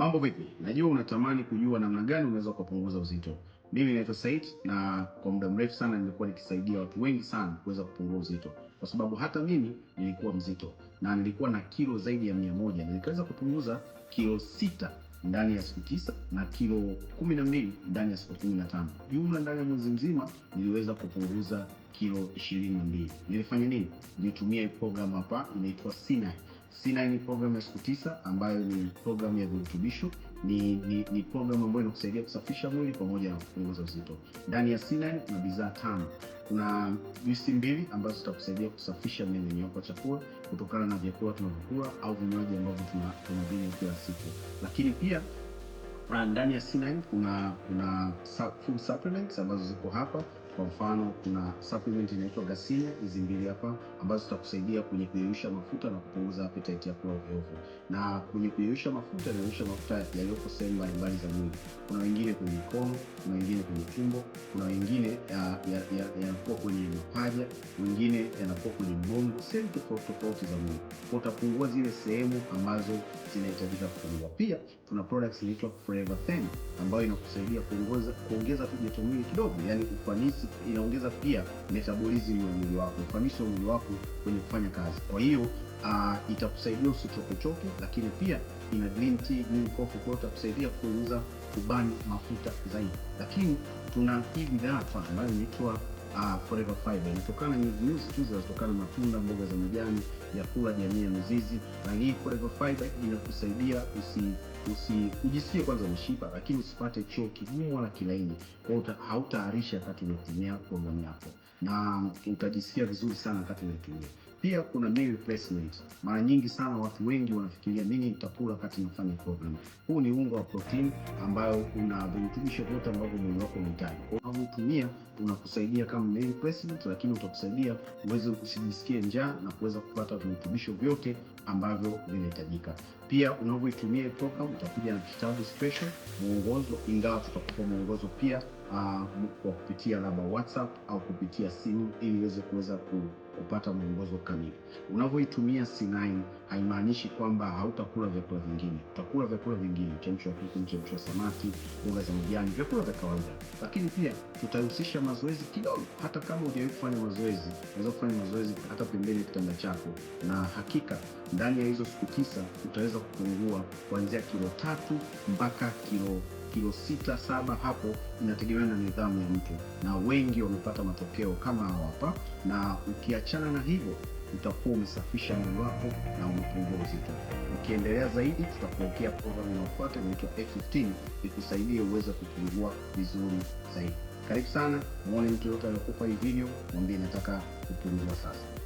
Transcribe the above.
Mambo vipi? Najua unatamani kujua namna gani unaweza kupunguza uzito. Mimi naitwa Said na kwa muda mrefu sana nimekuwa nikisaidia watu wengi sana kuweza kupunguza uzito, kwa sababu hata mimi nilikuwa mzito na nilikuwa na kilo zaidi ya 100 moja na nikaweza kupunguza kilo sita ndani ya siku tisa na kilo 12 ndani ya siku 15. Jumla ndani ya mwezi mzima niliweza kupunguza kilo 22. Nilifanya nini? Nilitumia programu hapa inaitwa Sinai C9 program ya siku tisa ambayo ni programu ya virutubisho ni, ni, ni program ambayo inakusaidia kusafisha mwili pamoja na kupunguza uzito. Ndani ya C9 kuna bidhaa tano. Kuna juisi mbili ambazo zitakusaidia kusafisha mmeng'enyo wako wa chakula kutokana na vyakula tunavyokula au vinywaji ambavyo tunavinywa kila siku, lakini pia ah, ndani ya C9 kuna kuna food supplements ambazo ziko hapa kwa mfano kuna supplement inaitwa Gasenia, hizi mbili hapa ambazo zitakusaidia kwenye kuyeyusha mafuta na kupunguza appetite ya kula ovyoovyo. Na kwenye kuyeyusha mafuta, inayeyusha mafuta yaliyoko sehemu mbalimbali za mwili. Kuna wengine kwenye mikono, kuna wengine kwenye tumbo, kuna wengine ah, yanakuwa kwenye mapaja, wengine yanakuwa kwenye mgongo, sehemu tofauti tofauti za mwili. Kwa utapungua zile sehemu ambazo zinahitajika kupungua. Pia kuna products inaitwa Forever Pen ambayo inakusaidia kuongeza kuongeza tu joto mwili kidogo, yani ufanisi inaongeza pia metabolism ya mwili wako, ufanisi wa mwili wako kwenye kufanya kazi. Kwa hiyo uh, itakusaidia usichokechoke, lakini pia ina green tea, green coffee, kwa itakusaidia kupunguza kubani mafuta zaidi. Lakini tuna hii bidhaa hapa ambayo inaitwa Uh, Forever Fiber inatokana na nyuzi tu zinazotokana na matunda, mboga za majani, vyakula jamii ya mizizi, na hii Forever Fiber inakusaidia usi usi ujisikie kwanza mshipa, lakini usipate choo kigumu wala kilaini. Kwa hiyo hautaarisha wakati unatumia kondomu yako, na utajisikia vizuri sana wakati unatumia. Pia kuna meal replacement. Mara nyingi sana watu wengi wanafikiria nini nitakula wakati nafanya program. Huu ni unga wa protein ambayo una virutubisho vyote ambavyo mwili wako unahitaji. Unavyotumia unakusaidia kama meal replacement, lakini utakusaidia uweze kusijisikia njaa na kuweza kupata virutubisho vyote ambavyo vinahitajika. Pia unavyoitumia program utakuja na kitabu special mwongozo, ingawa tutakupa mwongozo pia uh, kwa kupitia labda WhatsApp au kupitia simu ili uweze kuweza ku kupata mwongozo kamili. Unavyoitumia C9 haimaanishi kwamba hautakula vyakula vingine. Utakula vyakula vingine, chemsho ya kuku, chemsho ya samaki, mboga za majani, vyakula vya kawaida, lakini pia tutahusisha mazoezi kidogo. Hata kama hujawahi kufanya mazoezi, unaweza kufanya mazoezi hata pembeni ya kitanda chako, na hakika ndani ya hizo siku tisa utaweza kupungua kuanzia kilo tatu mpaka kilo kilo sita saba hapo, inategemea na nidhamu ya mtu, na wengi wamepata matokeo kama hawa hapa. Na ukiachana na hivyo utakuwa umesafisha mwili wako na umepungua uzito. Ukiendelea zaidi, tutakuwekea programu inayofuata inaitwa F15 ikusaidie uweze kupungua vizuri zaidi. Karibu sana, mwone mtu yoyote aliyokupa hii video, mwambie nataka kupungua sasa.